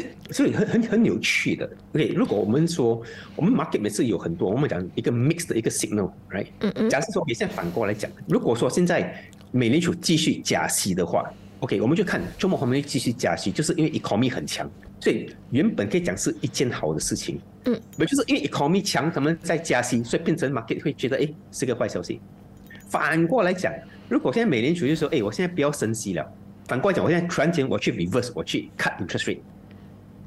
是所以很很很有趣的，OK，如果我們說我們 market 每次有很多，我們講一個 mix 的一個 signal，right？、嗯嗯、假設說也像反過來講，如果說現在美聯儲繼續加息的話，OK，我們就看周末後面繼續加息，就是因為 economy 很強，所以原本可以講是一件好的事情。嗯。但就是因為 economy 強，他們在加息，所以變成 market 會覺得誒，是個壞消息。反過來講，如果現在美聯儲就說誒，我現在不要升息了，反過來講，我現在突然間我去 reverse，我去 cut interest rate。